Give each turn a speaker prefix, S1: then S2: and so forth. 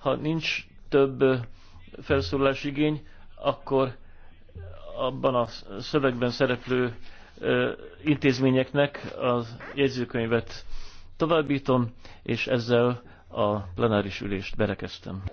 S1: Ha nincs több felszólás igény, akkor abban a szövegben szereplő intézményeknek az jegyzőkönyvet továbbítom, és ezzel a plenáris ülést berekeztem.